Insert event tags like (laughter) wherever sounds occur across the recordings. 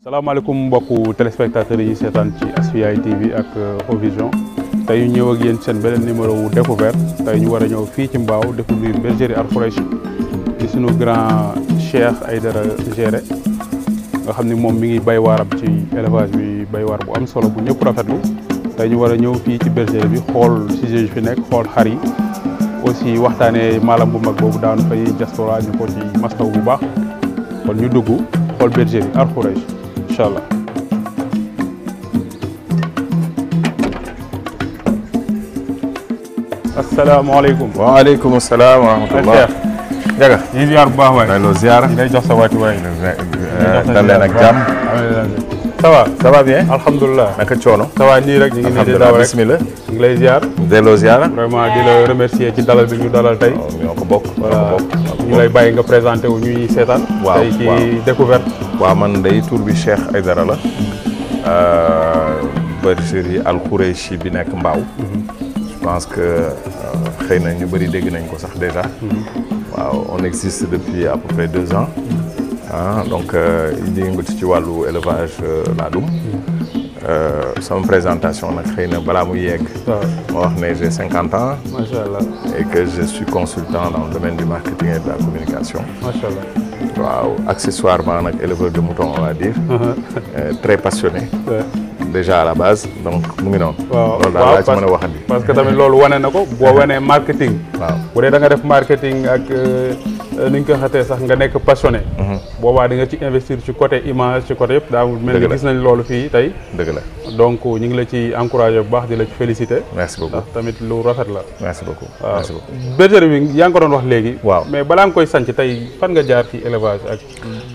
assalamualaikum mbokku téléspectateurs yi sétane ci Asfiyahi TV ak provision tay ñu ñëw ak yeen sen beneen numéro wu découverte tay ñu wara a ñëw fii ci Mbao découvrir bergerie Al ci sunu grand Cheikh aidara Géré nga xamni mom mi ngi bay waram ci élevage bi bay war bu am solo bu ñëpp rafetlu tay ñu wara a ñëw fii ci bergerie bi xol ci yi fi nek xol xari aussi waxtaanee malam bu mag bobu daanu fay diaspora ñu ko ci mastaw bu baax kon ñu dugg xol bergerie Al incha allah. asalaamaaleykum. waaleykum salaam wa rahmatulah. jaga ñu ziar bu baax waay. delloo ziar ñu lay jox sa waati waay. dal leen ak jàmm. ça va ça va bien. alhamdulilah naka coono. ça va nii rek ñu ngi nii di daw rek bismillah ñu ngi lay ziar. delloo ziar. vraiment di la remercier ci dalal bi ñu dalal tey. ñoo ko bokk ñoo ko bokk. ñu lay bàyyi nga présenté wu ñuy seetaan. waaw waaw tey ci découverte. waaw man day tur bi Cheikh Aidara la euh, bergerie Al quraishi bi nek mbaw je pense que euh, xëy ñu bari dégg nañ ko sax déjà waaw on existe depuis à peu près deux ans hein donc euh, di yëngatu ci walu élevage la sama présentation nag présentation, na balaa yegg wax ne j'ai 50 ans et que je suis consultant dans le domaine du marketing et de la communication Machallah accessoirement éleveur de moutons on va dire. (laughs) Euh, très passionné. déjà à la base donc nous parce que (laughs) marketing. Vous avez marketing avec euh, euh, passionné. Mhm. boobaa di nga ci investir ci côté image ci côté yëpp daa mel ni gis nañ loolu fii tey dëgg la donc ñu ngi la ci encouragé bu baax di la ci félicité merci beaucoup ndax tamit lu rafet la merci beaucoup waaw bergerie bi yaa ngi doon wax léegi waaw mais balaa nga koy sanc tey fan nga jaar ci élevage ak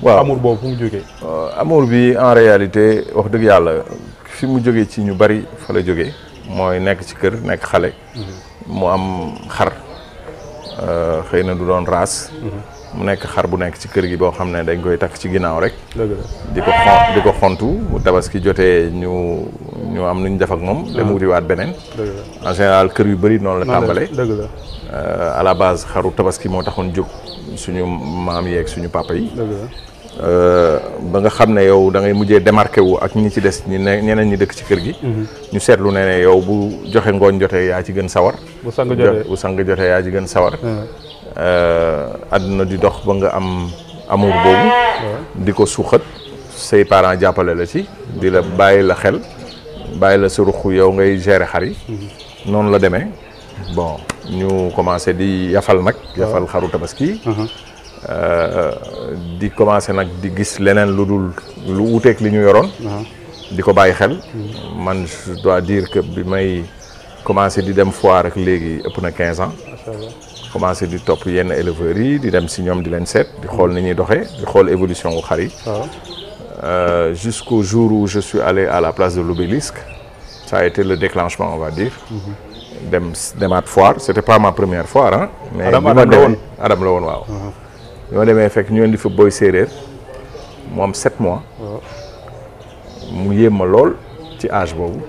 waaw amour boobu fu mu jógee euh, amour bi en réalité wax dëgg yàlla fi mu jógee ci ñu bari fa la jógee mooy nekk ci kër nekk xale mhm. mu am xar euh, xëy na du doon raas mu nekk xar bu nekk ci kër gi boo xam ne dañ koy takk ci ginnaaw rek. di ko xon ko xontu tabaski jotee ñu ñu am nu ñu def ak moom. Ah. dem wutiwaat beneen. en kër yu bëri noonu la tàmbalee. Euh, à la base xaru tabaski moo taxoon jóg suñu maam yeeg suñu papa yi. Euh, ba nga xam ne yow da ngay mujjee démarqué wu ak ñi ci des ñi ne ñeneen ñi dëkk ci kër gi. Mhm. ñu seetlu ne ne yow bu joxe ngooñ jotee yaa ci gën sawar. bu sang jotee bu sang jotee yaa ci gën sawar. Ah. Euh, àdduna di dox ba nga am amour boobu di ko suuxat say parents jàppale la ci di la bàyyi la xel bàyyi la sa yow ngay gérer xar yi mm-hmm. noonu la demee bon ñu commencé di yafal nag yafal xaru tabaski mm-hmm. euh, di commencé nag di gis leneen lu dul lu wuuteeg li ñu yoroon mm-hmm. di ko bàyyi xel man je dois dire que bi may commencé di dem fois rek léegi ëpp na quinze ans commencé di top yenn éleveurs yi di dem si ñoom di leen seet di xool ni ñuy doxee di xool évolution wu xar yi ah. euh, jusqu'au jour où je suis allé à la place de l'obélisque ça a été le déclenchement on va dire mhm. dem demaat foire c'était pas ma première foire hein. mais adam ma adam la woon waaw ah. bi ma demee fekk ñu indi fa booy séeréer mu am sept mois ah. mu yéem ma lool ci âge boobu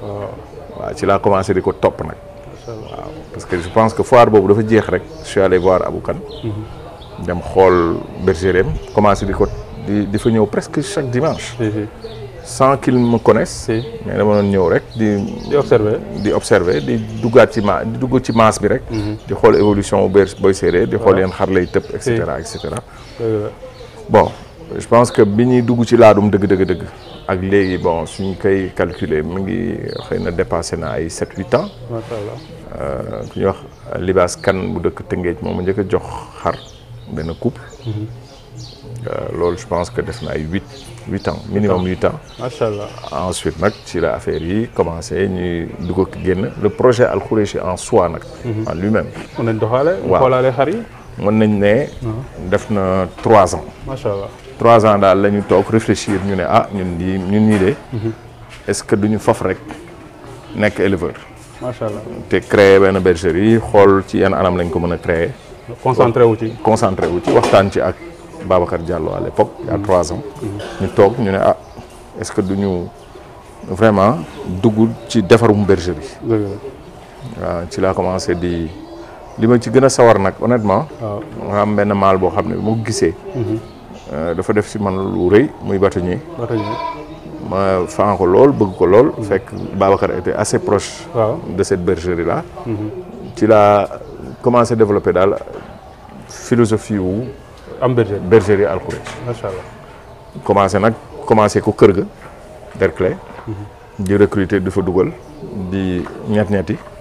waaw ci laa commencé di ko topp parce que je pense que foire boobu dafa jeex rek je suis allé voir Abou dem xol bergeréem commencé di ko di fa ñëw presque chaque dimanche sans qu'il me connaisse mais dama doon ñëw rek di di observer di observer di duggaat ci ma di dugg ci masse bi rek mhm. di xol évolution bu boy serré di xol yeen xar lay tëb et cetera et cetera bon je pense que biñi ñuy dugg ci laadum deug deug deug ak légui bon suñu kay calculer mu ngi xëy na na ay 7 8 ans macha allah ku ñuy wax libaas kan bu dëkk Tëngéej moom mu njëkk jox xar benn couple. Euh, loolu je pense que def na ay huit huit ans minimum huit ans. macha allah ensuite nag ci la affaire yi commencé ñu dugg ak génn le projet Al Khoureychi en soi nag. Mhm. en lui-même. mën nañ doxaale. waaw xoolaale xar yi. mën nañ ne. Mhm. def na trois ans. macha allah trois ans daal la ñu toog réfléchir ñu ne ah ñun ñii ñun ñii de. Mhm. est-ce que duñu faf rek nekk éleveur. macha allah te créer benn bergerie xool ci yan anam lañ ko mën a créer. concentré wu ci concentré wu ci waxtaan ci ak Babacar Diallo à l'époque il y a trois ans. ñu toog ñu ne ah est-ce que du ñu vraiment dugg ci defarum bergerie. waaw ci laa commencé di li ma ci gën a sawar nag honnêtement. waaw nga am benn maal boo xam ne bu ma gisee. Mhm. Euh, dafa def si man lu rëy muy bâtonnier. ma faan ko lool ko lol mhm. fek babakar était assez proche de cette bergerie là mhm. ci a commencé développer dal philosophie ou am bergerie bergerie Al Khoureychi allah commencé à commencer ko kër ga clé mhm. di recruter du fa dugal di ñett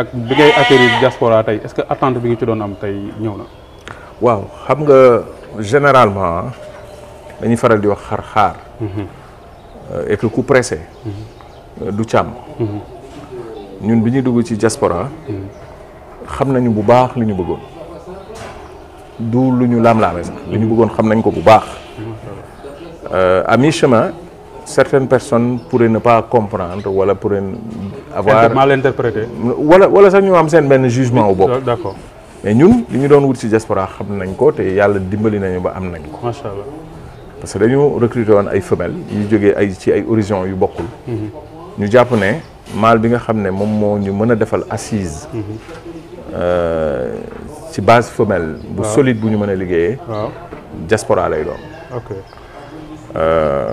ak bi ngay accueillir eh. diaspora tey est-ce que attente bi nga ci doon am tey ñëw na. waaw xam nga généralement dañuy faral di wax xar xaar. Mhm. Euh, et que ku pressé. Mhm. du càmm. Mhm. ñun bi ñuy dugg ci diaspora. xam nañu bu baax li ñu bëggoon du lu ñu laam-laame sax li ñu bëggoon xam nañ ko bu baax. Euh, certaines personnes pourraient ne pas comprendre wala pourraient avoir mal interprété wala wala sax ñu am seen benn jugement au d'accord mais ñun li ñu doon wut ci diaspora xam nañ ko te yàlla dimbali nañu ba am nañ ko macha parce que dañu recruter woon ay femelles yu jógee ay ci ay horizons yu bokkul mhm. ñu jàpp ne mâle bi nga xamné mom mo ñu mëna défal assise assise mhm. euh, ci base femelle bu solide bu ñu mëna a diaspora lay doon ok euh,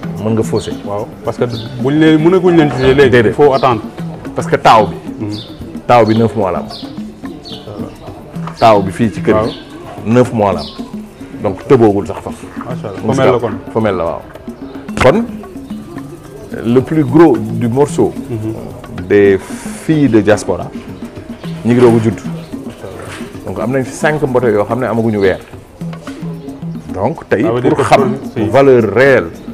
mën nga faussé. waaw parce que buñ leen mënaguñ leen jugé léegi. déedéet faut attendre. parce que taw bi. Mhm. taw bi neuf mois la am. Euh. taaw bi fii ci kër gi. neuf mois la am. donc tëboogul sax faf. macha allah femelle la kon femelle la waaw. kon le plus gros du morceau. Mhm. Euh, des filles de diaspora ñi ngi doog a judd. donc am nañ fi cinq mbote yoo xam ne amaguñu weer. donc tey pour xam valeur réelle.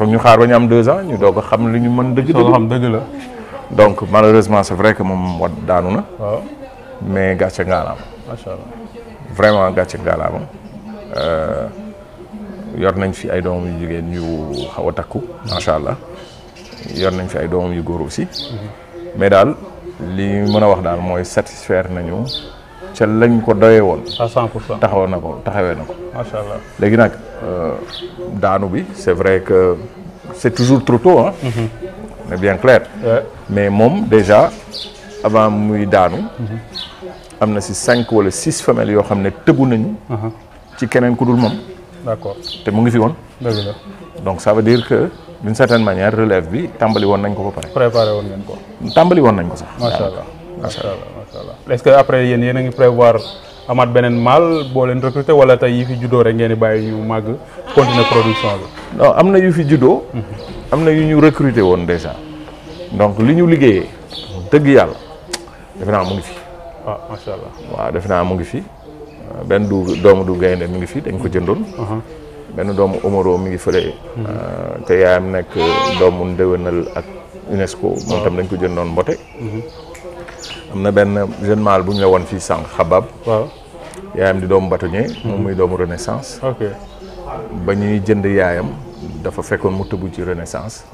foog ñu xaar ba ñu am deux ans ñu doog a xam li ñu mën dëgg dëgg xam dëgg la donc malheureusement c'est vrai que moom wat daanu na mais gàcce ngaalaama macha allah vraiment gàcce ngaalaama euh, yor nañ fi ay doomam yu jigéen yu xaw a takku macha allah yor nañ fi ay doomam yu góor aussi mhm. mais daal li mën a wax daal mooy satisfaire nañu ca lañ ko doyee woon à cent pour cent taxaw na ko taxawee na ko macha allah léegi nag Euh, daanu bi c'est vrai que c'est toujours trop tôt ah. on est bien clair. mais mom déjà avant muy daanu. Mhm. am na si ou wala six femelles yoo xam ne tëbu nañu. Mhm. ci keneen ku dul moom. d'accord te mu ngi fi donc ça veut dire que d'une certaine manière relève bi tambali won nañ ko ba pare. préparé woon ngeen ko. tambali won nañ ko sax. macha allah macha allah allah est-ce que après yéen yéen a ngi prévoir. amaat beneen maal boo leen recruter wala tey yi fi juddoo rek ngeen di bàyyi ñu màgg continuer production bi. non am na yu fi juddoo. Mhm. am na yu ñu recruter woon déjà. donc li ñu liggéeyee. tëgg yàlla. defe naa mu ngi fi. ah macha allah waaw mu ngi fi. benn du doomu du gaynde mi ngi fi dañ ko jëndoon. Uh-huh. benn doomu Omoro mi ngi fële. Mhm. Euh, te yaayam nekk doomu ndéwénal ak UNESCO. moom tam dañ ko jëndoon mbote. Mhm. am na benn jeune mâle bu ñu la woon fii sànq xabaab. yaayam di doomu bâtonnier. Mhm. moom muy doomu renaissance. ok ba ñuy jënd yaayam dafa fekkoon mu tëbu ci renaissance.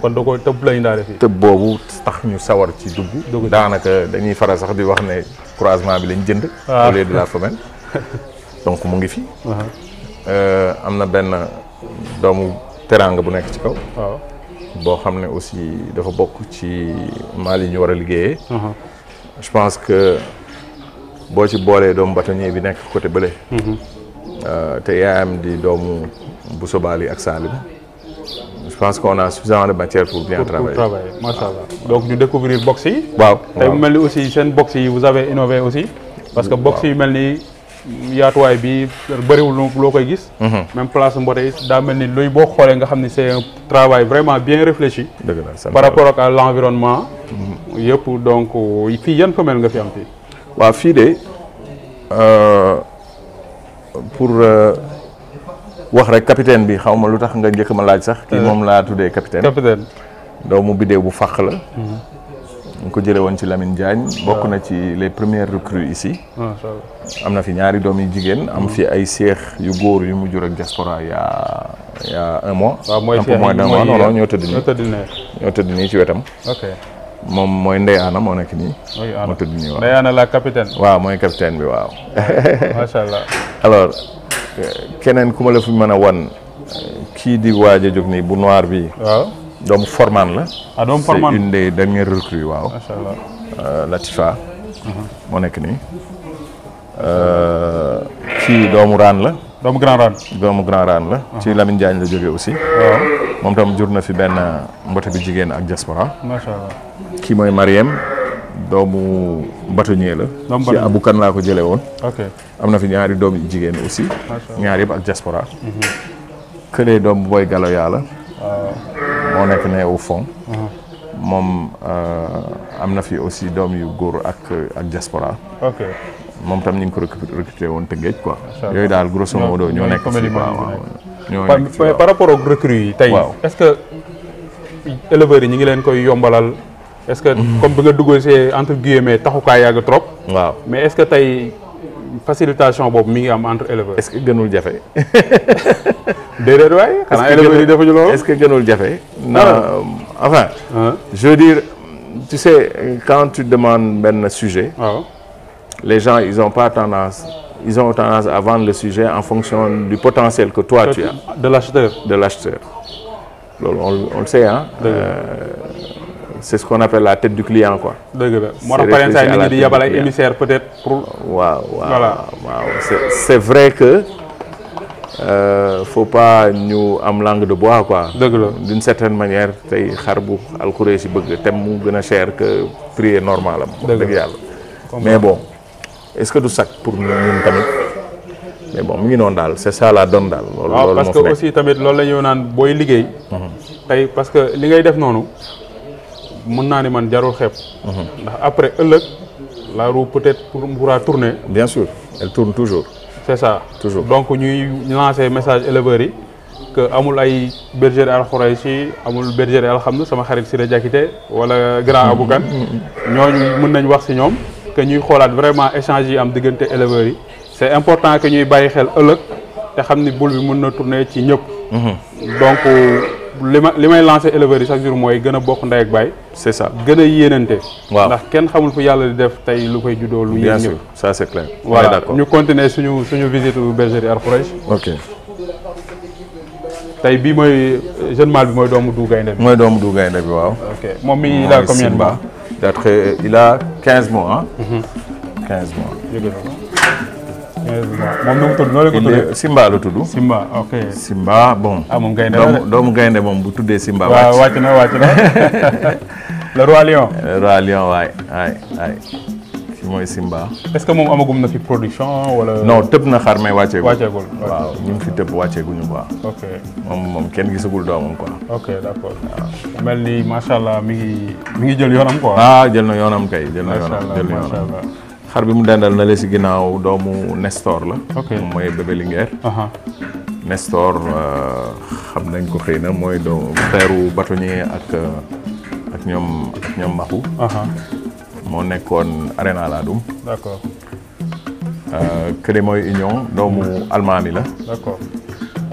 kon da ko tëb lañu tëb boobu tax ñu sawar ci dugg. daanaka dañuy faral sax di wax ne croisement bi lañ jënd. Ah. au lieu de (laughs) donc mu ngi fi. Uh-huh. Euh, am na benn doomu teraanga bu nekk ci kaw. waaw boo xam ne aussi dafa bokk ci maal yi ñu war a liggéeyee. Uh-huh. je pense que. boo ci boolee doomu bâtonnier bi nekk côté bële. Mhm. Euh, te yaayam di doomu bu sobaali ak Salim. je pense qu'on a suffisamment de matière pour bien travailler. donc ñu découvrir box yi. waaw tey mu mel ni aussi seen box yi vous avez innové aussi. parce que box yi mel ni yaatuwaay bi bariwul loo koy gis. Mhm. même place mbote yi daa mel ni luy boo xoolee nga xam ni c'est un vraiment bien réfléchi. par rapport ak à l'environnement. Mhm. yëpp donc fii yan femelle nga fi am fii. waaw fii de euh, pour euh, wax rek capitaine bi xaw ma lu tax nga njëkk ma laaj sax. kii euh. moom laa tuddee capitaine. capitaine doomu biddew bu fàq la. Mhm. ñu ko jëlee woon ci Lamine jaañ bokk na ci les premières recrues ici. am na fi ñaari doom yu jigéen. am fi mhm. ay seex yu góor yu mu jur ak diaspora yaa yaa un mois. waaw mooy mois non ñoo tëdd nii. ñoo tëdd nii ci wetam. moom mooy Ndeye moo nekk nii. moo tudd nii waaw Ndeye Anna la capitaine. waaw mooy capitaine bi waaw. (laughs) macha allah alors keneen ku ma la fi mën a wan kii di waaj jóg nii bu noir bi. waaw doomu Forman la. ah doomu Forman c'est une des dernières recrues waaw. macha euh, mhm. moo nekk nii euh, kii doomu Raan la. doomu Grand Raan. doomu Grand la. Mhm. ci Lamine Diagne la jógee aussi. moom tam jur na fi benn mbote bi jigéen ak diaspora. macha kii mooy Mariem doomu bâtonnier la. doomu ci Abu laa ko jëlee woon. ok am na fi ñaari doomu jigéen aussi. ñaar yëpp ak diaspora. Mhm. këlee doomu booy galo yàlla. moo nekk ne au fond. Mhm. moom euh, am na fi aussi doom yu góor ak ak diaspora. ok moom tam ñu ngi ko recruté woon Tëngéej quoi. yooyu daal grosso ñoo nekk fii quoi waaw. par rapport au recrues est-ce que les éleveurs ngi est-ce que mm. comme vous le entre guillemets taxukaay yàgg trop mais est-ce que tu facilitation une facilitation entre éleveurs est-ce que tu Derrière fait est-ce que gënul jafe Non. Ah. Euh, enfin hein? je veux dire tu sais quand tu demandes un sujet les gens ils n'ont pas tendance ils ont tendance à vendre le sujet en fonction du potentiel que toi tu as. De l'acheteur. De l'acheteur. On, on, le sait, hein. Euh, c'est ce qu'on appelle la tête du client, quoi. Il y a peut-être pour... Waouh, C'est vrai que euh, faut pas nous am langue de bois quoi. d'une certaine manière c'est xar al cher que prix normal mais bon. est-ce que du sac pour ñun tamit mais bon mu ngi noonu daal c'est ça la donne daal. loolu waaw parce que aussi tamit loolu la ñu naan booy liggéey. Mhm. tey parce que li ngay def noonu mën naa ni man jarul xeeb. Mhm. ndax après ëllëg la roue peut-être pour pourra tourner. bien sûr elle tourne toujours. c'est ça toujours donc ñuy lancé message éleveurs yi que amul ay bergerie Al Khouraychi amul bergerie alhamdu sama xarit Siré Diakité wala grand Aboukan mhm. ñooñu mën nañ wax ci ñoom. que ñuy xoolaat vraiment échanger am digënté éleveur yi c'est important que ñuy bayyi xel ëlëk té xamni ni boule bi mëna tourner ci ñëpp. Mhm. donc euh, limay lancer éleveur yi chaque jour moy gëna a bokk ndey ak bay c'est ça gëna a yéenante. ndax kenn xamul fu yalla di def tay lu koy juddoo. lu yéen ñëpp bien sûr ça c'est clair. voilà d'accord ñu continuer suñu suñu visite bergerie Arfouresh. ok. tay bi moy jeune mâle bi moy doomu duugaynde bi. moy doomu duugaynde bi waaw. ok mom mi la combien ba D'après, il a 15 mois. Hein? 15 mois. 15 mois moom nu mu tudd ko Simba la tudd. Simba ok Simba bon. ah moom gaynde la doomu gaynde moom bu tuddee Simba. wàcc na wàcc na (laughs) le roi lion. le roi lion waay waay waay. moy Simba. est-ce que mom amagum na fi production wala. non tëb na xar may wacce wacce gol waaw ñu fi fi wacce guñu ba ok mom mom kenn gisagul doom quoi. ok d'accord melni mel ni allah mi ngi mi ngi jël yonam quoi. ah jël na yonam kay. jël na yonam jël na yonam xar bi mu dendal na la ci ginaaw doomu Nestor la. ok moom mooy bébé Linguère. Nestor euh, xam nañ ko xeyna moy do xéru frère ak euh, ak ñom ñom ñoom aha Mon nekkoon Arena Ladoum. d'accord. Euh, Kële mooy Union doomu almaami la. d'accord.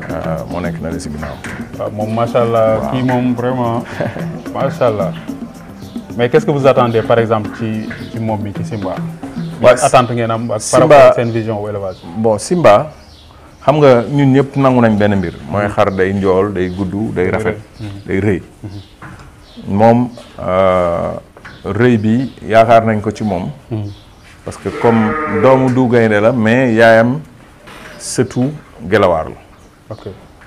Euh, moo nekk na la si ginnaaw. Ah, waaw moom vraiment (laughs) macha mais qu'est-ce que vous attendez par exemple ci ci moom ci Simba. waaw bah, attente ngeen am ak. vision wu élevage. bon Simba xam nga ñun ñëpp nangu nañ benn mbir. mooy mhm. xar day njool day gudd day rafet. Mhm. day rëy mhm. moom. Euh, rëy bi yaakaar nañ ko ci moom hmm. parce que comme doomu duugaynde la mais yaayam sëtu gelawaar la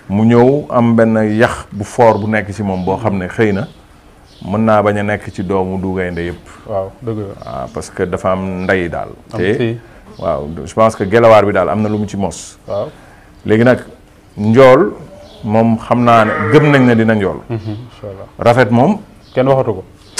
mu ñëw am benn yax bu fort bu nekk ci moom boo xam ne xëy na mën naa bañ a nekk ci doomu duugaynde yëpp waaw dëgg waaw ah, parce que dafa am ndey daal te waaw je pense que gelawaar bi dal, am na lu mu ci mos waaw léegi nag njool moom xam naa ne gëm nañ ne dina njool hmm, hmm, rafet moom kenn waxatu ko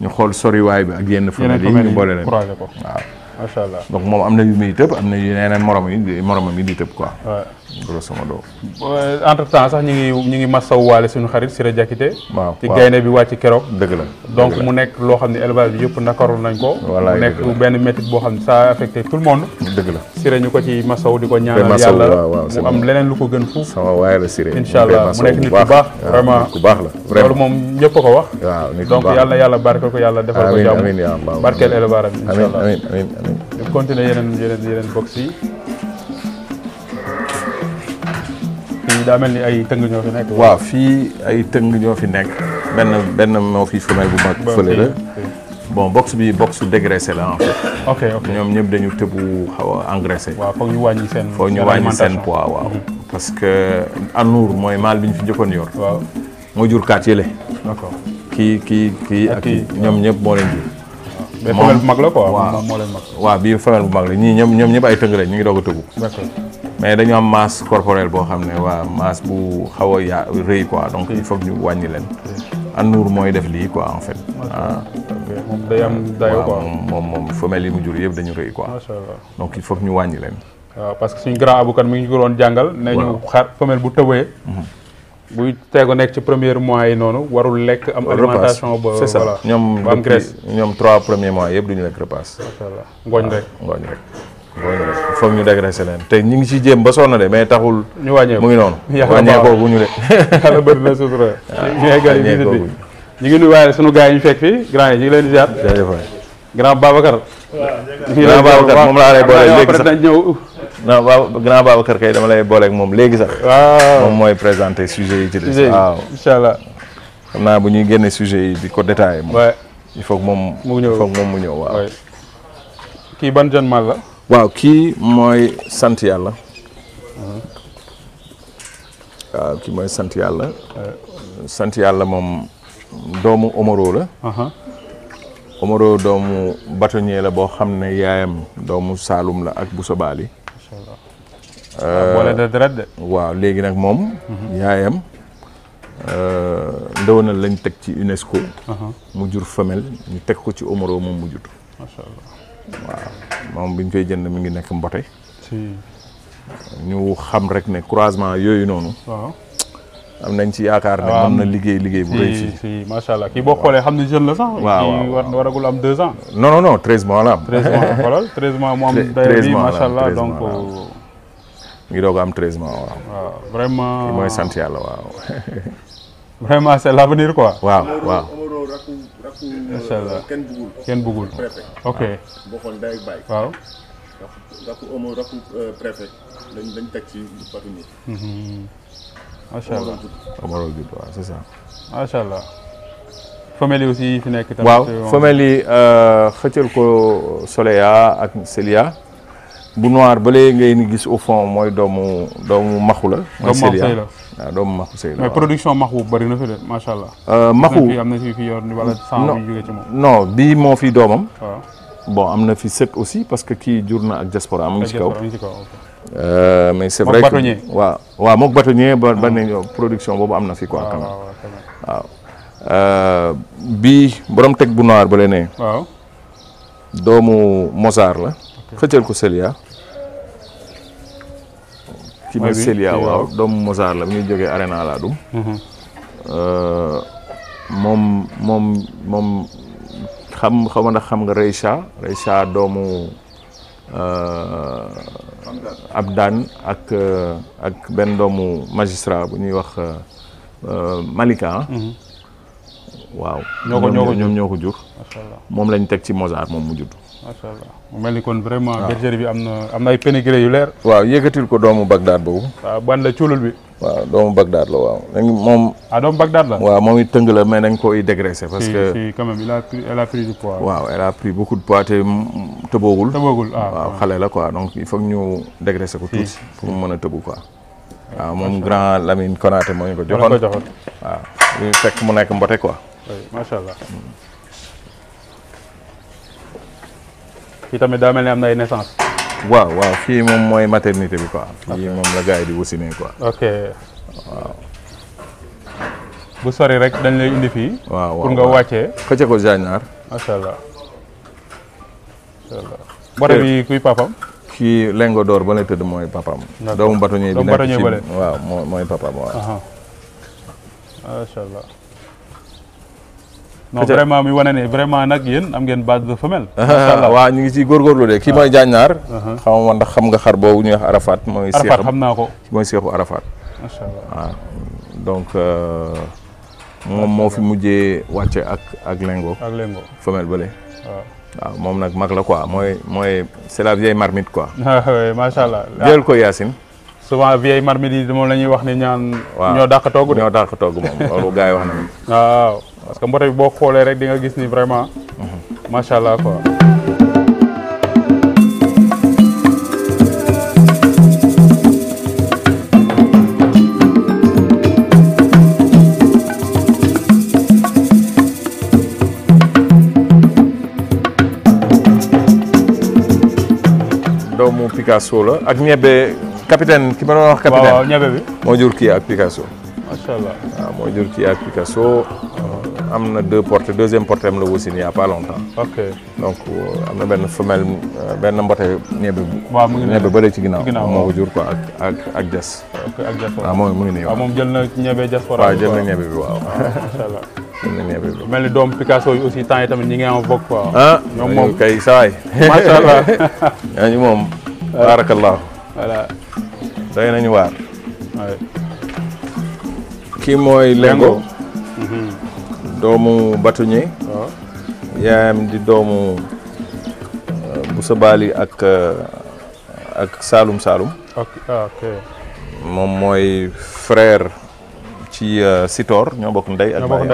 نقول سوري واي بقى جينا في المدينة نقول لنا ما شاء الله دونك مو امنا يمي تب امنا ينا مرمي مرمي دي تب كوا grosso modo. Euh, entre temps sax ñu ngi ñu ngi masawu waale suñu xarit Siré Diakité. waaw ci gaynde bi wàcc keroog. dëgg la donc mu nekk loo xam ne élevage bi yëpp nakarul nañ ko. mu nekk benn métit boo xam ne ça affecté tout le monde. dëgg la Siré ñu ko ci masawu di ko ñaanal yàlla mu am leneen lu ko gën fuuf. sama waay la Siré incha allah mu nekk nit ku baax ah, vraiment ku baax la moom ñëpp ko wax. waaw nit ku baax donc yàlla yàlla barkeel ko yàlla defal ko jàmm barkeel élevage am allah continuer yeneen box yi fii daa mel ni ay tëng ñoo fi nekk. waaw fii ay tëng ñoo fi nekk. benn benn moo fi femelle bu mag fële la. bon box bi box su dégraissé la en ñoom ñëpp dañu tëbu xaw a engraissé. waaw foog ñu wàññi seen. foog ñu wàññi seen poids waaw. Mhm. parce que anour mooy maal bi ñu fi njëkkoon yor. waaw moo jur kaat yële. d'accord kii ki kii ak ñoom ñëpp moo leen jur. mais femelle bu mag la quoi. waaw moo leen bu mag la ñii ñoom ñoom ñëpp ay tëng la ñu ngi doog a tëbu. mais dañu am masse corporelle boo xam ne waa masse bu xaw a yaa rëy quoi donc il faut ñu wàññi leen. Anour mooy def lii quoi en fait. ah moom day am dayo quoi moom moom femelle yi mu jur yëpp dañu rëy quoi. donc il faut ñu wàññi leen. parce que suñ grand abukan mi ñu ko doon jàngal. waaw ne ñu xar femelle bu tëwee. Mhm. bu teego nekk ci premier mois yi noonu warul lekk am alimentation ba c'est ça ñoom ñoom trois premiers mois yëpp duñu lekk repas. macha allah ngooñ rek ngooñ rek. foog ñu dégraisser leen te ñu ngi ci jéem ba sonn de mais taxul. ñu wàññeeku mu ngi noonu. (laughs) wàññeeku bu ñu de. (laughs) yàlla bëri na sutura. (laughs) ñu ngi nuyuwaale sunu gars yi ñu fekk fii grand yi ñu ngi leen di ziar. grand Babacar. grand Babacar moom laa lay boole léegi sax non waaw grand Babacar kay dama lay booleek moom léegi sax. waaw moom mooy présenté sujet yi ci des. waaw incha allah. xam naa bu ñuy génne sujet yi di ko détaillé. moom il faut moom. mu ñëw moom mu ñëw waaw. kii ban jeune mal la. waaw kii mooy sant yàlla uh-huh. waaw mooy sant yàlla moom doomu Omaro la uh-huh. Omaro doomu bâtonnier la boo xam ne yaayam doomu Saalum la ak Boussa Bali euh, waaw léegi nag moom uh-huh. yaayam euh, ndëwanal lañ teg ci UNESCO mu jur femelle ñu teg ko ci Omaro moom mu jur macha waaw moom bi ñu koy jënd mi ngi nekk mbote. ñu xam rek ne croisement yooyu noonu. waaw am nañ ci yaakaar ne mën na liggéey liggéey bu rëy fii. si macha allah boo xoolee xam ne jeune la sax. waaw war waragul am deux ans. non non non treize mois la am. treize mois (laughs) xoolal treize mu euh, ngi doog am treize mois waaw. waaw vraiment. mooy sant yàlla waaw. (laughs) vraiment c' est l' avenir quoi. waaw waaw Omaro rakku kenn bëggul. kenn bëggul ok. Ah, boo xool day bàyyi. waaw. rakku Omaro rakku euh, préfet lañ lañ teg ci Fatou mhm. Ndiaye. macha allah Omaro judd waaw euh, euh, ak Celia. bu noir ba lay ngay ni gis au fond moy doomu doomu makhou la moy seria waaw doomu makhou sey la mais production makhou bari na fi de ma sha Allah euh makhou fi amna fi fi yor ni wala sans bu joge ci mom non bi mo fi domam bon amna fi set aussi parce que ki journa ak diaspora am ci kaw euh mais c'est vrai que wa wa mok batonier ba ban ah. production bobu amna fi quoi ah, quand même wa euh bi borom tek bu noir ba lay ne waaw doomu mozar la xëcël ko selia ci mooy Célia waaw doomu Mozart la mi ngi jógee Arena Ladoum. Mhm. Euh, mom mom mom xam xaw ma ndax xam nga domu Reicha Abdan ak euh, ak ben domu magistrat bu ñuy wax euh, Malika. Ah. Mhm. waaw ñoo ko ñoo ko ñoom mom ko jur. moom lañ teg ci Mozart moom mu judd. macha allah mu mel ni kon vraiment. waaw ah. bergerie bi am na am na ay pénégré yu leer. waaw yëkkatil ko doomu Bagdad boobu. waaw ban la cuulul bi. waaw doomu Bagdad la waaw dañ moom. ah doomu Bagdad la. waaw moom it tëng la mais dañ koy dégraisser. parce que si quand même il a pris elle a pris du poids. waaw elle a pris beaucoup de poids te tëboogul. tëboogul ah, waaw ah. xale la quoi donc il faut que ñu dégraisser ko tuuti. pour mu mën a tëbu quoi. waaw moom grand Lamine Konaté moo ñu ko joxoon. moo ñu ko joxoon waaw. fekk mu nekk mbote quoi. macha allah. Mm. fii tamit daa mel ni am na ay naissance waaw waaw fii moom mooy maternité bi quoi fii moom la gars di wasine quoi ok waaw bu sori rek dañ lay indi fii waaw pour nga wàccee xëcc ko janaar macha allah macha allah bore bi kuy papam kii lengo door ba la tëdd mooy papam doomu bâtonnier bi nekk ci waaw mooy papam waaw macha allah non vraiment mi wane ne vraiment nag yéen am ngeen base de femelle (laughs) waaw ñu ngi ciy góorgóorlu de kii mooy jaañnaar uh-huh. xama ma ndax xam nga xar boobu ñuy wax arafat mooy seexam xam naa ko mooy seexu arafat macha donc euh, moom moo fi mujjee wàcce ak ak lengo ak lengo femelle bële waaw moom nag mag la quoi mooy mooy c'est la vieille marmite quoi (laughs) ah macha allah jël ko Yacine souvent vieille marmite yi moom la ñuy wax ne ñaan ñoo dàq togg ñoo dàq togg moom loolu gars wax na waaw parce que mbotay bo xolé rek di nga gis ni vraiment. macha allah quoi. Picasso la ak ñebe capitaine ki ma doon wax. capitaine waaw ñebe bi. mo jur ki ak Picasso. macha allah mo jur ki ak Picasso. am na deux portées deuxième portée am la aussi il y a pas longtemps. donc euh, am na benn femelle euh, benn mbote ñebe. waaw mu ngi ñebe ci ginnaaw moo ko jur quoi ak ak ak jas. ak ah, moom mu ngi nii ah, waaw moom jël na ñebe jas. waaw ah, (laughs) jël na ñebe bi waaw. macha allah jël mel ni doom Picasso yi aussi temps yi tamit ñi ngi en vogue quoi. ah ñoom moom kay saay. macha allah (laughs) ñooñu moom. baarakallah. voilà. doy nañu waar. kii mooy lengo. doomu batuñe ah. yaayam di doomu euh, Boussa Bali ak euh, ak Saalum Saalum ah, moom mooy frère ci euh, Sitor ñoo bokk ndey ak baay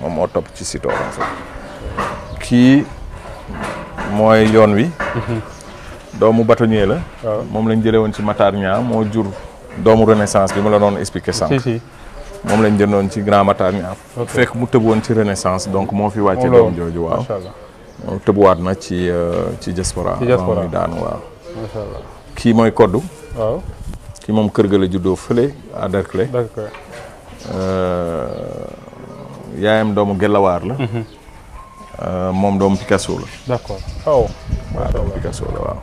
moom moo topp ci Sitor en fait kii mooy yoon wi mhm. doomu batonier la ah. moom lañ jëlee woon ci Matar Niang moo jur doomu renaissance bi ma la doon expliqué sànq mom lañ jëndoon ci Grand Matar mi am fekk mu tëb woon ci Renaissance donc moo fi wàcce doom jooju waaw moom tëbuwaat na ci euh, ci diaspora moom daanu waaw kii mooy koddu waaw kii moom kër ga la juddoo fële à Derklé euh, yaayam doomu Gelawaar la mhm. euh, moom doomu Picasso la d'accord oh. waaw doomu Picasso la waaw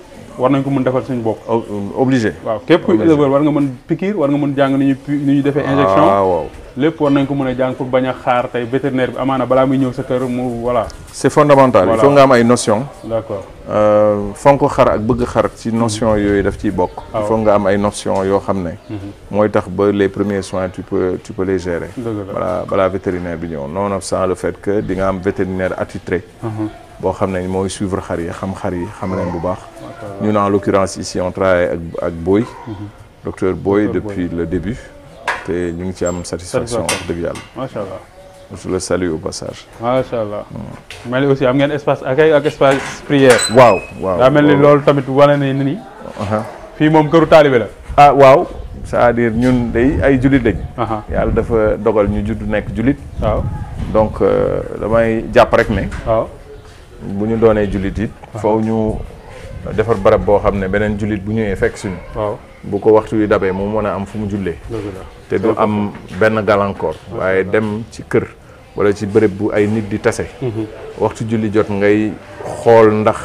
war ko mën defal suñu bopp. obligé waaw képp kuy éleveur war nga mën piqûre war nga mën jang ni ñuy défé ñuy defee injection. Ah, waaw lépp war nañ ko mën jang pour baña xaar tay vétérinaire bi amana bala muy ñëw sa kër mu voilà. c'est fondamental il faut nga am ay notions d'accord euh fonk xar ak bëgg xar ci mhm. notion yoy daf ci bok ah, il faut nga am ay notions yo xamné mhm. moy tax ba les premiers soins tu peux tu peux les gérer. voilà bala vétérinaire bi ñëw non nonobstant le fait que di nga am vétérinaire attitré. Mhm boo xam ne mooy suivre xar yi xam xar yi xam leen bu baax. ñun en l'occurrence ici on travaille ak ak Boy. Mhm. docteur Boy depuis le début. te ñu ngi ci am satisfaction wax dëgg yàlla. macha allah je le salue au passage. macha allah. Mm. mel ni aussi am ngeen espace accueil ak espace prière. waaw waaw daa mel ni oh. loolu tamit wane na ni. fii moom këru taalibe la. ah waaw. c'est-à-dire ñun day ay julit lañ. yàlla dafa dogal ñu judd nekk julit waaw donc euh, damay jàpp rek ne. waaw. bu ñu doonee jullit it faw ñu defar barab boo xam ne beneen jullit bu ñëwee fekk suñu bu ko waxtu wi dabee mu mën a am fu mu jullee te du am benn gàllankoor waaye dem ci kër wala ci bërëb bu ay nit di tase mhm. waxtu julli jot ngay xool ndax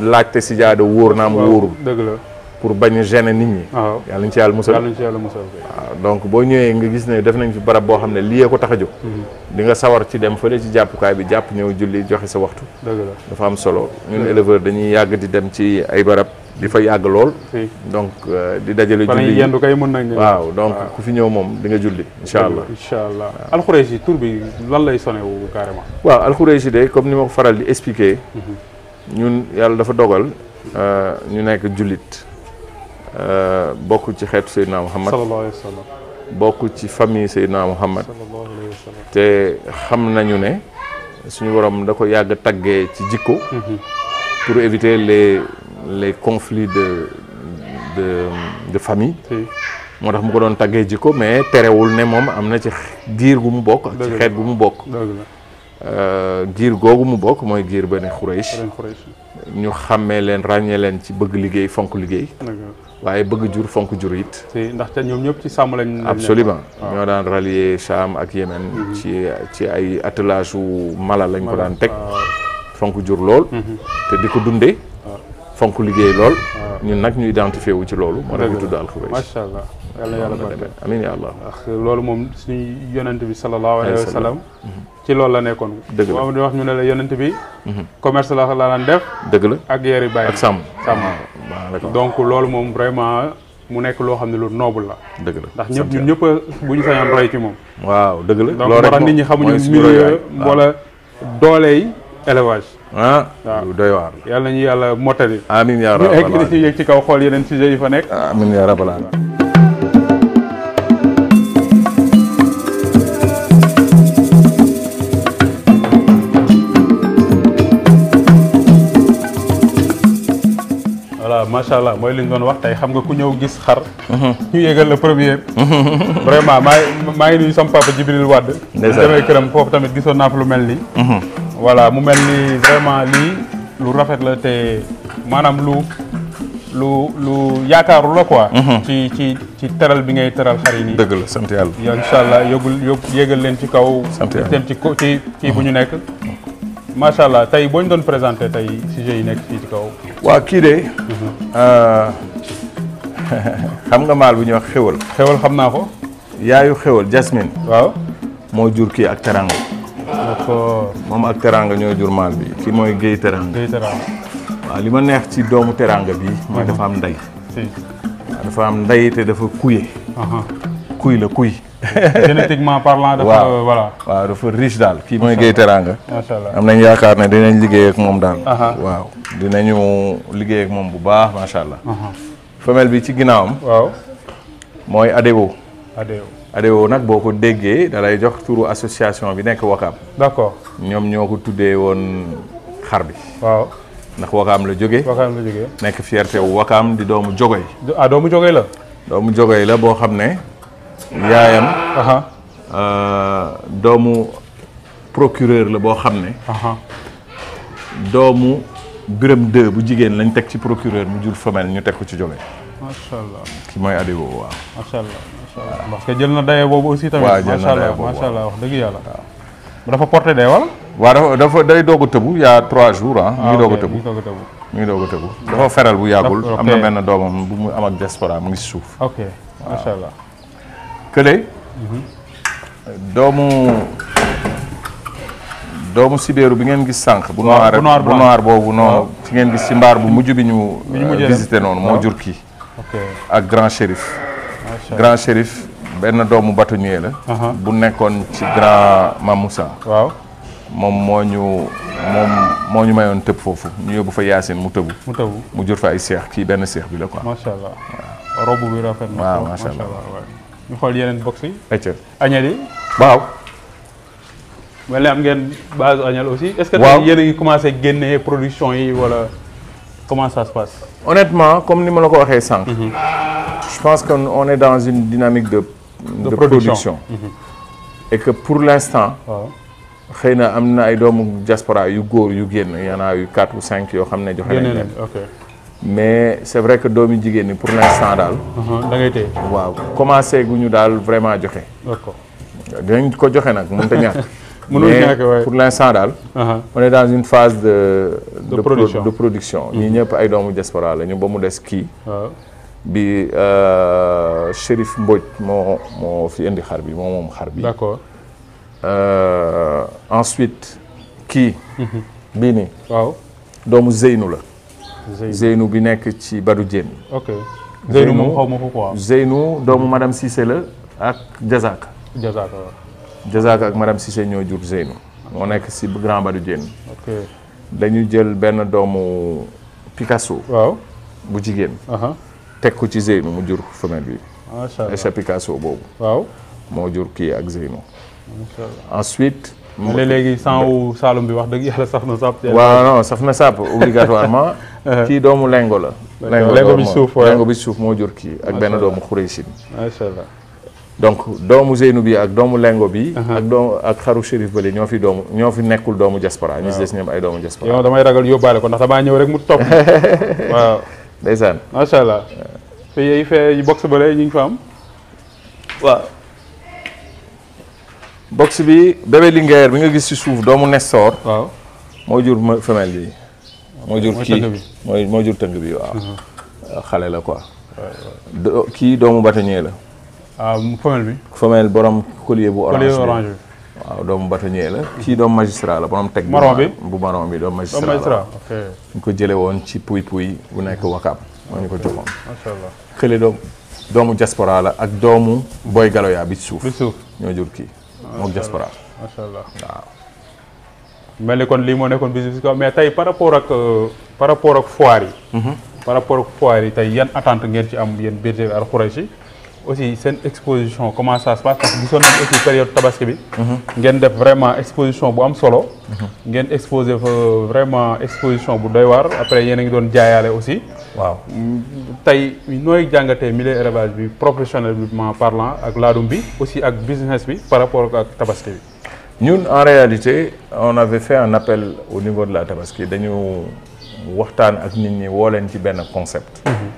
laajte si jaada wóor naa naam wóorul dëgg la pour bañ a nit ñi. waaw yàlla nañ ci yàlla musal. yàlla nañ ci yàlla musal waaw donc boo ñëwee nga gis ne def nañ fi barab boo xam ne lii ko tax a jóg. Mhm. di sawar ci dem fële ci jàppukaay bi jàpp ñëw julli joxe sa waxtu. dëgg la dafa am solo. ñun éleveur dañuy yàgg di dem ci ay barab di fa yàgg lool. donc euh, di dajale. julli yi yendu kay mën nañ waaw donc ku fi ñëw moom di nga julli. incha allah incha allah alxureysi tur bi lan lay sonné wu carrément. waaw alxureysi de comme ni ma ko faral di expliquer. Mhm. ñun yàlla dafa dogal euh, ñu nekk jullit Euh, bokk ci xeetu Seydina Muhammad bokk ci famille Seydina Muhammad te xam nañu ne suñu borom da ko yàgg taggee ci jikko mhm. pour éviter les les conflits de de de moo tax mu ko doon taggee jikko mais terewul ne moom am na ci giir gu mu bokk ci xeet gu mu bokk euh, giir googu mu bokk mooy giir Bani Xuraysh ñu xàmmee leen ràññee leen ci bëgg liggéey fonk liggéey waaye bëgg jur fonk jur it. ndaxte ñoom ñëpp ci sàmm lañ. absolument ñoo daan rallier Cham ak Yémen. Mhm. ci ci ay attelage wu mala lañ ko daan teg. fonk jur lool. Mhm. te di ko dundee. fonk liggéey lool. ñun nag ñu identifié wu ci loolu. moo tax ñu tudd alxuraysi macha allah. yàlla yàlla barkeel ya allah. loolu moom suñu yonent bi sallallahu alayhi wa ci loolu la nekkoon. dëgg la di wax ñu ne la yenent bi. Mhm. commerce la la daan def. dëgg la ak yeri bàyyi. ak sàmm sàmm ah, donc loolu moom vraiment mu nekk loo xam ne lu noble la. dëgg la ndax ñëpp ñun ñëpp bu ñu sañoon roy ci moom. waaw dëgg la loolu rek nit ñi xamuñu milieu wala ah. doole yi élevage. ah lu doy waar. yàlla ñu yàlla motali. amiin yaa rabbal ci kaw xool yeneen sujet yi fa nekk. amiin yaa rabbal allah macha allah mooy li ñu doon wax tey xam nga ku ñëw gis xar. ñu yégal la premier. (laughs) vraiment maa ngi maa ngi nuyu sama papa Jibril Wade. ndeysaan demee këram foofu tamit mhm. mu mel ni vraiment lii lu rafet la te maanaam lu lu lu yaakaaru la quoi. Mhm. ci ci ci teral bi ngay teral xar yi nii. dëgg la sant yàlla. incha allah yóbbul yóbbu yégal leen ci kaw. sant yàlla ci ci bu ñu nekk. Mhm. macha allah tey boo ñu doon présenté tey sujet yi nekk fii ci kaw. waaw kii de. Mhm. Euh, (laughs) xam nga maal bu ñuy wax xéwal. xéwal xam naa ko. yaayu xewal Jasmine. waaw moo jur kii ak teranga. moom ak teranga ñoo jur maal bi kii mooy géey teranga. waaw li ma neex ci doomu teranga bi mooy mhm. dafa am ndey. dafa am ndey te dafa kuye. kuy la kuy. génétiquement parlant. dafa voilà waaw dafa riche daal. kii mooy Gueye Teranga. macha allah am nañ yaakaar ne dinañ liggéey ak moom daal. waaw dinañu liggéey ak moom bu baax macha allah. femelle bi ci ginnaawam. mooy Adeo. Adeo nag boo ko déggee da lay jox turu association bi nekk Wakaam. d'accord ñoom ñoo ko tuddee woon xar bi. waaw. ndax wakaam la jóge wakaam la jóge nekk fierté wu wakaam di doomu jogoy. ah doomu jogoy la. doomu jogoy la boo xam ne. yaayam euh, doomu procureur la boo xam doomu bu lañ ci procureur femelle ñu ki allah parce que jël na daye aussi tamit allah wax dëgg day a tëbu a trois jours ah, ah doog a doog a tëbu dafa feral bu yàggul am benn doomam bu mu am ak suuf ok allah kële doomu doomu sibéeru bi o gis sànq bu noir bu noir boobu non ci ngeen gis ci mbaar bu mujj bi ñu euh, visité noonu moo jur kii ak grand shérif grand shérif benn doomu bâtonnier la bu nekkoon ci grand Mamoussa waaw moom moo ñu moom moo ñu mayoon tëb foofu ñu yóbbu fa yaasin mu tëbu mu tëbu mu jur fa ay seex kii benn seex bi la quoi macha allah robu bi rafet na waaw macha allah ñu xool yeneen box yi. ayca añal yi. waaw. mel am ngeen base añal aussi. est-ce que yéen a ngi commencé génne production yi wala comment ça se passe. honnêtement comme ni ma la ko waxee sànq. Mhm. je pense que on est dans une dynamique de. de, de production mm -hmm. et que pour l'instant. waaw xëy na am na ay doomu diaspora yu góor yu génn y en a eu quatre ou 5 yoo xam ne joxe nañ leen mais c'est vrai que Domi pour l'instant. dal. Uh-huh, daal. vraiment joxé. D'accord. (laughs) pour l'instant, uh-huh. on est dans une phase de. de, production de production. Mm-hmm. dans diaspora la ñu dans une des bi ensuite qui bini Zeynu bi nekk ci Badou Dieng. ok Zeynu moom xaw ma ko quoi. Zeynu doomu madame Cissé la ak Jazaka. Jazaka ak madame Cissé ñoo jur Zeynu. moo nekk si Grand Badou Dieng. ok dañu jël benn doomu Picasso. waaw bu jigéen. teg ko ci Zeynu mu jur femelle bi. macha allah Picasso boobu. waaw moo jur kii ak Zeynu. ensuite. mu ne léegi sangu saalom bi wax dëgg yàlla saf na sàpp. waaw non saf na sàpp obligatoirement. (laughs) Uh-huh. kii doomu lengo la. lengo bi suuf lengo moo jur kii ak benn doomu Xuraysin. macha allah donc doomu Zeynu bi ak doomu lengo bi. Uh-huh. ak doomu ak xaru Chérif Bale ñoo fi doomu ñoo fi nekkul doomu diaspora. waaw ñu si des ñoom ay doomu diaspora. yow damay ragal yóbbaale ko ndax damaa ñëw rek mu topp (laughs) waaw. ndeysaan macha allah. te uh-huh. yooyu fee box bële ñu ngi fa am box bi bébé lingeer bi nga gis ci suuf doomu Nestor. moo jur femelle bi. moo jur kii mooy moo jur tëng bi waaw. Mhm. Euh, xale la ko kii doomu bâtonnier la. Ah, bi. femelle borom collier bu orange doomu bâtonnier la. kii doomu magistrat la borom teg. maron bi bu maron bi doomu magistrat la waaw. ñu ko jëlee woon ci puy puy bu nekk wakaam moo ñu ko joxoon. macha allah xële doomu diaspora la ak doomu boy galoya bi ci suuf. bi ci suuf ñoo jur kii. mook diaspora macha allah waaw mel ni kon lii moo nekkoon business bi mais tey par rapport ak euh, par rapport ak foire yi mhm. par rapport ak foire yi tey yan attente ngeen ci am yéen BTV Al Khoureychi aussi une exposition comment ça se passe parce que nous sommes aussi période tabaski bi. vous mhm. def vraiment exposition bu am solo. avons mhm. exposé vraiment exposition pour doy après après en a ngi donne jaayaale aussi. waaw tey nooy jàngatee milieu professionnellement parlant avec la bi aussi ak business bi par rapport à tabaski nous en réalité on avait fait un appel au niveau de la tabaski nous waxtaan ak nit ñi woo leen ci concept. Mhm.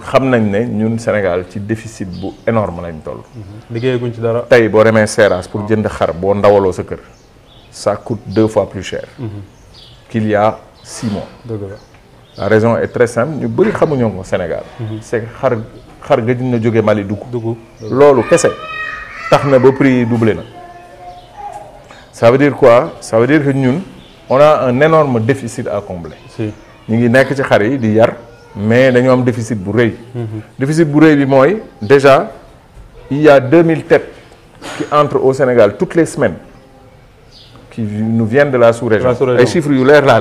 xam nañ ne ñun Sénégal ci déficit bu énorme lañ toll. Mhm. liggéeyaguñ ci dara. tey boo demee Seras pour jënd xar boo ndawaloo sa kër ça coûte deux fois plus cher. Mhm. qu'il y a six mois. dëgg la la raison est très simple ñu bëri xamuñu ko Sénégal. Mhm. c'est que xar xar gëj dina jóge Mali dugg. dugg loolu kese tax na ba prix doublé na. ça veut dire quoi ça veut dire que ñun on a un énorme déficit à combler. si ñu ngi nekk ci xar yi di yar mais avons un déficit bourré. déficit bourré, déjà il y a 2000 têtes qui entrent au Sénégal toutes les semaines qui nous viennent de la sous-région. Les chiffres vous l'air là,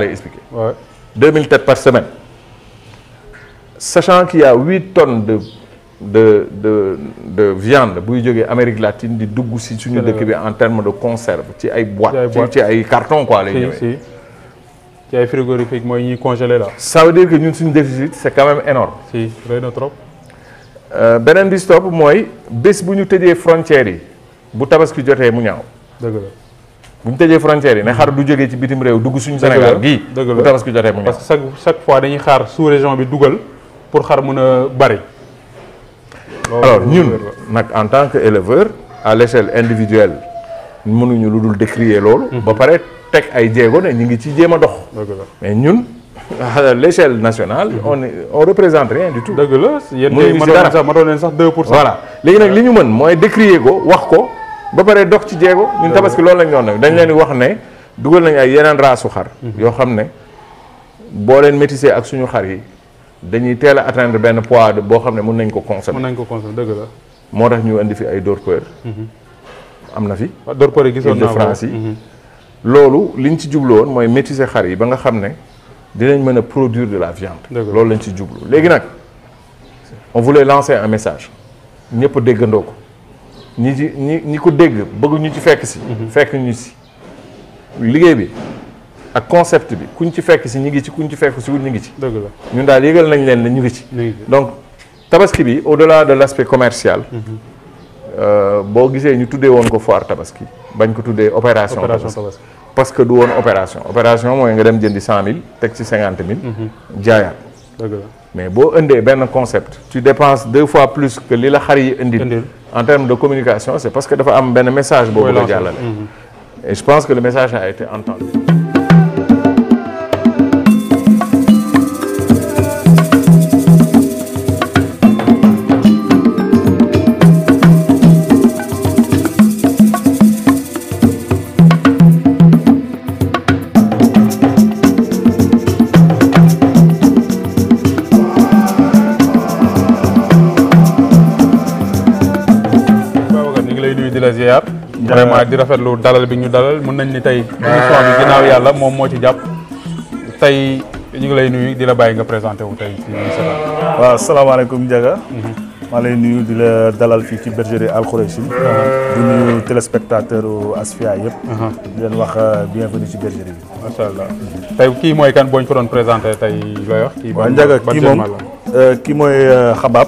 2000 têtes par semaine sachant qu'il y a 8 tonnes de de de viande l'Amérique Amérique latine di dugg si suñu de en termes de conserve ci ay boîtes, ci ay carton quoi les ci ay frigorifique mooy ñuy congelé là. ça veut dire que ñun suñu déficit c'est quand même énorme. si rëy na trop. Euh, beneen bi stop mooy bés bu ñu tëjee frontières yi bu tabaski jotee mu ñaaw. dëgg la bu ñu frontières yi ne xar du jógee ci bitim réew dugg suñu. Sénégal gii bu tabaski jotee mu ñaaw. parce que chaque chaque fois dañuy xaar sous région bi dugal pour xar mën a bari. alors ñun nag en tant que éleveur à l' échelle individuelle mënuñu lu dul décrier loolu. Mhm. ba pare. teg ay jéego ne ñu ngi ci jéem a dox. mais ñun (laughs) à l'échelle nationale. Mhm. on représenter on du tout. dëgg la yéen tey ma ma doon leen sax 2 pour cent. voilà léegi nag li ñu mën mooy décrier ko wax ko ba pare dox ci jéego. ñun tabaski loolu la ñu doon dañu leen di wax ne dugal nañ ay yeneen rasu xar. Mhm. yoo xam ne boo leen métissé ak suñu xar yi dañuy teel a atteindre benn poids boo xam ne mun nañ ko consommer. mën nañ ko consommer dëgg la. moo tax ñu indi fi ay dóor peur. Mhm. am na fi. waaw ah, dóor peur yi gisoon naa ko yi. C'est liñ ci jublu won moy xar ba nga produire de la viande. lañ ci on voulait lancer un message ñëpp déggandoko ni ñi ci ñi ko dégg pas ñu ci fekk si. Mhm. fekk ñu si liggéey bi ak concept bi kuñ ci fekk si ñi ngi ci kuñ ci fekk si wuñ ngi ci. ñun daal faire nañ leen ngi ci. donc bi au delà de l'aspect commercial. Mhm. C'est euh, gisee ñu tuddee woon ko foire tabaski bañ ko tuddee opération parce que du woon opération opération L'opération nga dem jëndi cent mille teg ci cinquante mille mhm. jaayaat mais boo indee benn concept tu dépenses deux fois plus que li la xar en termes de communication c'est parce que dafa am un message boobu la jàllale mhm. et je pense que le message a été entendu ziar vraiment di rafetlu dalal bi ñu dalal mën nañ ni tay émission bi ginaaw yalla mom mo ci japp tay ñu ngi lay nuyu di la bay nga présenter wu tay ci wa waaw alaykum jaga ma mhm. lay nuyu di la dalal fi ci bergerie Al khouraysi mhm. di nuyu téléspectateur Asfia yépp mhm. di len wax euh, bienvenue ci bergerie bi macha allah tey kii mooy kan boñ ko doon présenter tay loy wax ki kii jaga ki mom euh ki moy euh, khabab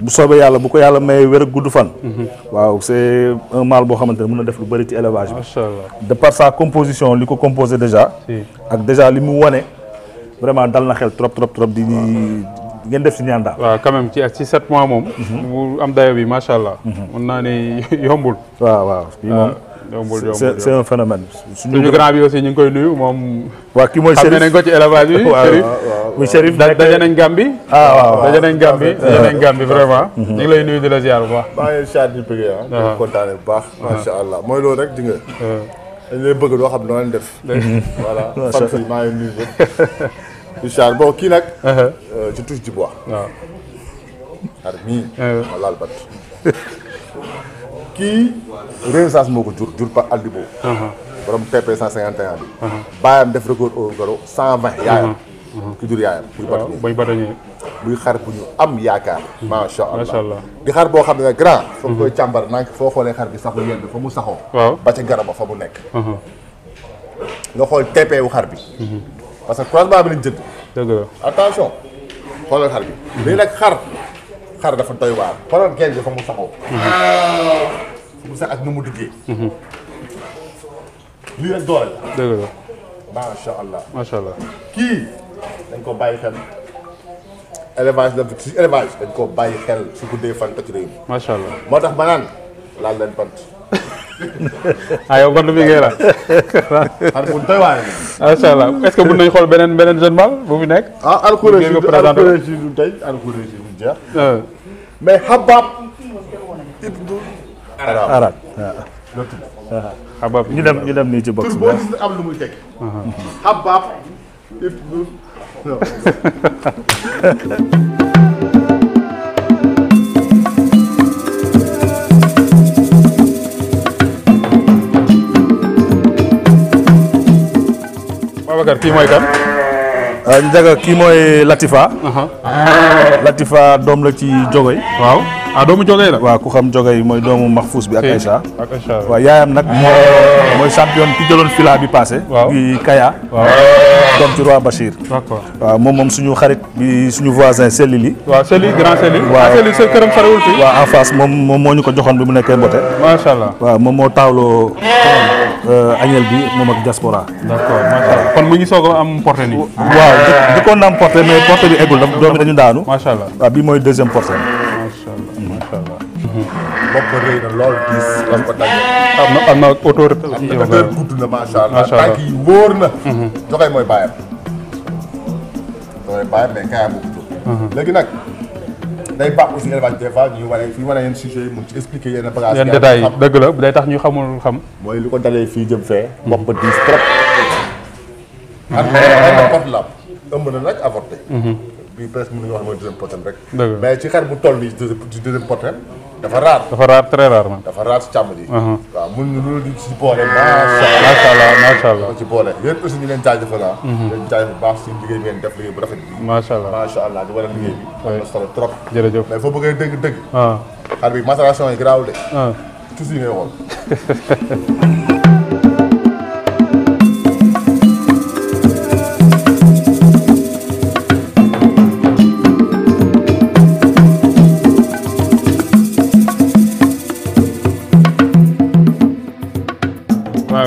bu soobee yàlla bu ko yàlla may wér gudd fan. Mhm. waaw c' est un mâle boo xamante ne mën na def lu bëri ci élevage bi. macha allah de par sa composition li ko composé déjà. ak déjà li mu wane vraiment dal na xel trop trop trop di. ngeen def si ñaan daal. waaw quand même ci ci sept mois moom. Mhm. mu am dayo bi macha allah. Mhm. mën naa ne (laughs) yombul. waaw waaw bii ah, moom. yombul yombul c'est un phénomène. suñu grand bi aussi ñu ngi koy nuyu moom. waaw ki mooy Chérif xam nga ko ci élevage bi. (laughs) muy Chérif nekk daje nañ Gàmbi. ah waaw daje nañ Gàmbi eh. daje nañ Gàmbi vraiment. Mhm. ñu ngi lay la ziar bu baax. maa ngi leen chat di bëggee ah. ah. bu baax. Ah. macha allah mooy lool rek di nga. Eh. dañ lay bëgg doo xam noo leen def. (laughs) voilà fan fii maa ngi nuyu kii nag. Eh. Euh, ci touche du bois. waaw. Ah. xar mii. ma laal bat. kii renaissance moo ko jur jur par Aldibo. Uh-huh. borom TP 151 bi. Uh-huh. baayam def record au garo 120 uh-huh. yaayam. ki jur yaayam buy batañee buy batañee buy xar bu ñu am yaakaar macha allah macha allah di xar boo xam ne grand foog koy càmbar nank foo xoolee xar bi saxu yenn fa mu saxoo waaw ba ca garaba fa mu nekk nga xool tepeewu xar bi parce que croisement bi lañ jënd dëgg la attention xoolal xar bi léegi nag xar xar dafa doy waar xoolal geen bi fa mu mhm. saxoo fa mu sax ak nu mu duggee lii rek mhm. doole la dëgg la macha allah macha allah kii dañ ko bàyyi xel élevage la ci élevage bàyyi xel su guddee fan ci réew mi. allah moo tax ma naan laal leen bant. (laughs) ah yow bant bi ngay laal. (laughs) allah est-ce que mën nañu xool beneen beneen jeune mâle bu fi nekk. ah alxurés yi alxurés yi tey alxurés yi du jeex. Ah. mais Habab ibnu Arab Arab waaw. Ah. Ah. Habab ñu dem ñu dem nii ci box bi. pour am lu muy teg. Habab ibnu Babacar kii mooy kan. Ah, Ndiaga kii mooy Latifa. Latifa dom la ci Jogoy waaw. ah doomu Jogay la. waa ku xam Jogay mooy doomu Mahfous bi ak Aïcha. ak Aïcha waaw yaayam nag. moo mooy champion ki jëloon bi passé. waaw Kaya. waaw doom ci roi Bachir. waa moom moom suñu xarit bi suñu voisin Seli li. waaw Seli grand Seli. waaw Seli ah, sa këram farewul fii. waaw en face moom moom moo ñu ko joxoon bi mu nekkee Mbote. macha allah moom moo taawloo. Euh, añel bi moom ak diaspora. d'accord macha allah kon mu ngi soog am porté nii. waaw jëkkoon na am porté mais porté bi eggul daf doomi dañu daanu. macha bii mooy deuxième porté. macha allah. bopp rëy na lool diis. am ko tàggat am na am na autorité aussi yow nga gudd na macha allah mhm. mooy bàyyam. joxe bàyyam mais kaayam bu gudd. Mhm. léegi nag day baax aussi élevage des fois ñuy wane fi ñu wane yenn sujets yi mu ci expliquer day tax ñu xamul xam. mooy lu ko dalee fii jëm fee. Mhm. bopp diis trop. ak ay ay ay la ëmb na nag avorté. bi presque mënuñu wax mooy deuxième potem rek. mais ci xar bu toll nii ci deuxième potem dafa raar dafa raar très rarement. dafa raar si càmm ji. Uh-huh. waaw mun ñu loolu di si boole. macha allah macha allah ci boole. yéen aussi ñu leen jaajëfal ah. leen uh-huh. jaajëfal bu baax si liggéey bi ngeen def liggéey bu rafet bi. macha allah macha allah di waral liggéey bi. am na solo trop. jërëjëf mais foo bëggee dëgg dëgg. Ah. xar bi maturation yi garaaw de. toujours ah. yi ngay xool. (laughs)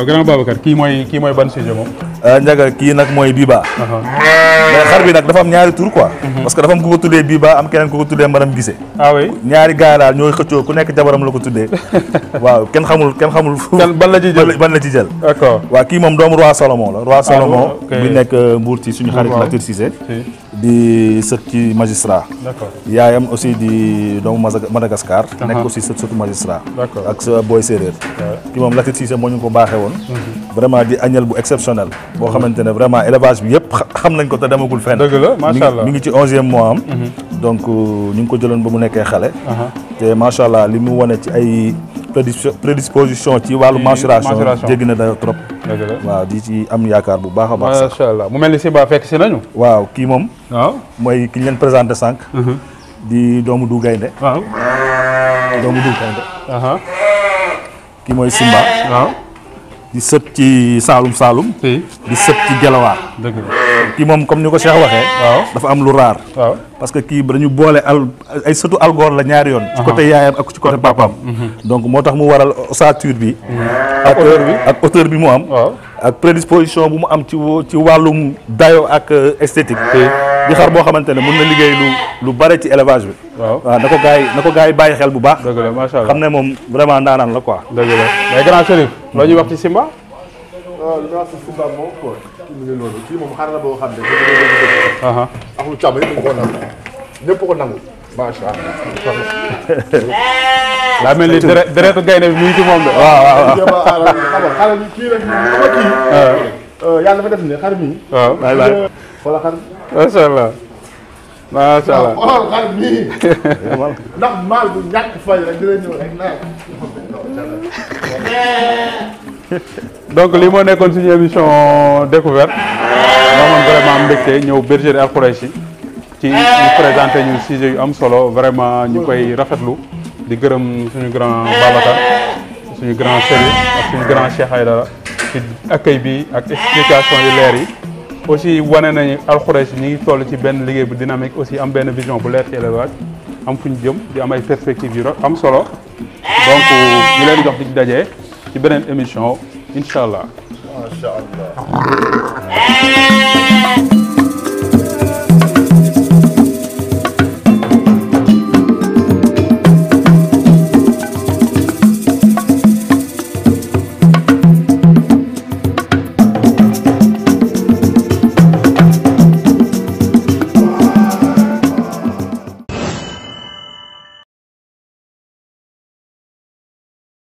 waaw grand Babacar kii mooy ban sujet Euh, njaga kii nag mooy Biba uh-huh. mais xar bi nag dafa am ñaari tur quoi uh-huh. parce que dafa am ku ko tuddee Biba am keneen ku ko tuddee Maram Gise ah oui ñaari gars daal ñooy xëccoo ku nekk jabaram la ko tuddee (laughs) waaw kenn xamul kenn xamul ban la ci jël ban la ci jël d'accord waaw kii moom doomu roi Salomon la roi ah Salomon bi nekk euh, mbuur ci suñu xarit Latir Cissé di sët ci magistrat yaayam aussi di doomu Madagascar uh-huh. nekk aussi sët sëtu magistrat ak sa booy séeréer kii moom Latir Cissé moo ñu ko baaxee woon mm-hmm. vraiment di añal bu exceptionnel boo xamante ne vraiment élevage bi yëpp xam nañ ko te demagul fenn. dëgg la macha allah mi ngi ci onzième mois am. Mhm. donc euh, ñu ngi ko jëloon ba mu nekkee xale. te macha allah li mu wane ci ay prédisposition ci wàllu mensuration jéggi na dayo trop. waaw di ci am yaakaar bu baax a baax. macha allah mu mel ni Siba fekk si nañu. waaw kii moom. mooy ki ñu leen présenté sànq. Mhm. di doomu du gaynde waaw doomu du gaynde kii mooy Simba. waaw. di sët ci Saalum Saalum. di sët ci Gelawaar. dëgg kii moom comme ni ko Cheikh waxee. dafa am lu raar. parce que kii dañu boole al ay sëtu algoor la ñaari yoon. ci côté yaayam ak ci côté papaam. Mhm. donc moo tax mu waral ossature bi. Mhm. ak auteur bi ak auteur bi mu am. ak prédisposition bu mu am ci ci wàllum dayo ak euh, esthétique di xar boo xamante ne mun na liggéey lu lu bare ci élevage bi waaw waaw na ko gars yi na ko gars yi bàyyi xel bu baax dëgg la macha xam ne moom vraiment ndaanaan la quoi la mais grand Chérif loo ñuy wax ci Simba waaw li wax ci Simba ko nangu macha (laughs) mel ni deretu gaynde bi mu ci moom de. (laughs) waaw waaw waaw xale bi kii rek def ne xar mi. waaw waay wala xar. macha allah. macha allah xool xar (laughs) ndax maal bu ñàkk fay rek dina ñëw rek donc lii moo nekkoon suñu émission découverte. moo amoon vraiment mbégte ñëw bergerie Al Khoureychi ci ñu eh. présenté yu am solo vraiment ñu koy rafetlu di gërëm suñu grand Babacar suñu grand Serigne ak suñu grand Cheikh Aïdara ci accueil bi ak explication yu leer yi aussi wane nañu alxurés ñi ngi toll ci benn liggéey bu dynamique aussi am benn vision bu leer ci élevage am fu ñu jëm di am ay perspectives yu am solo donc ñu leen jox di dajee ci beneen émission incha allah.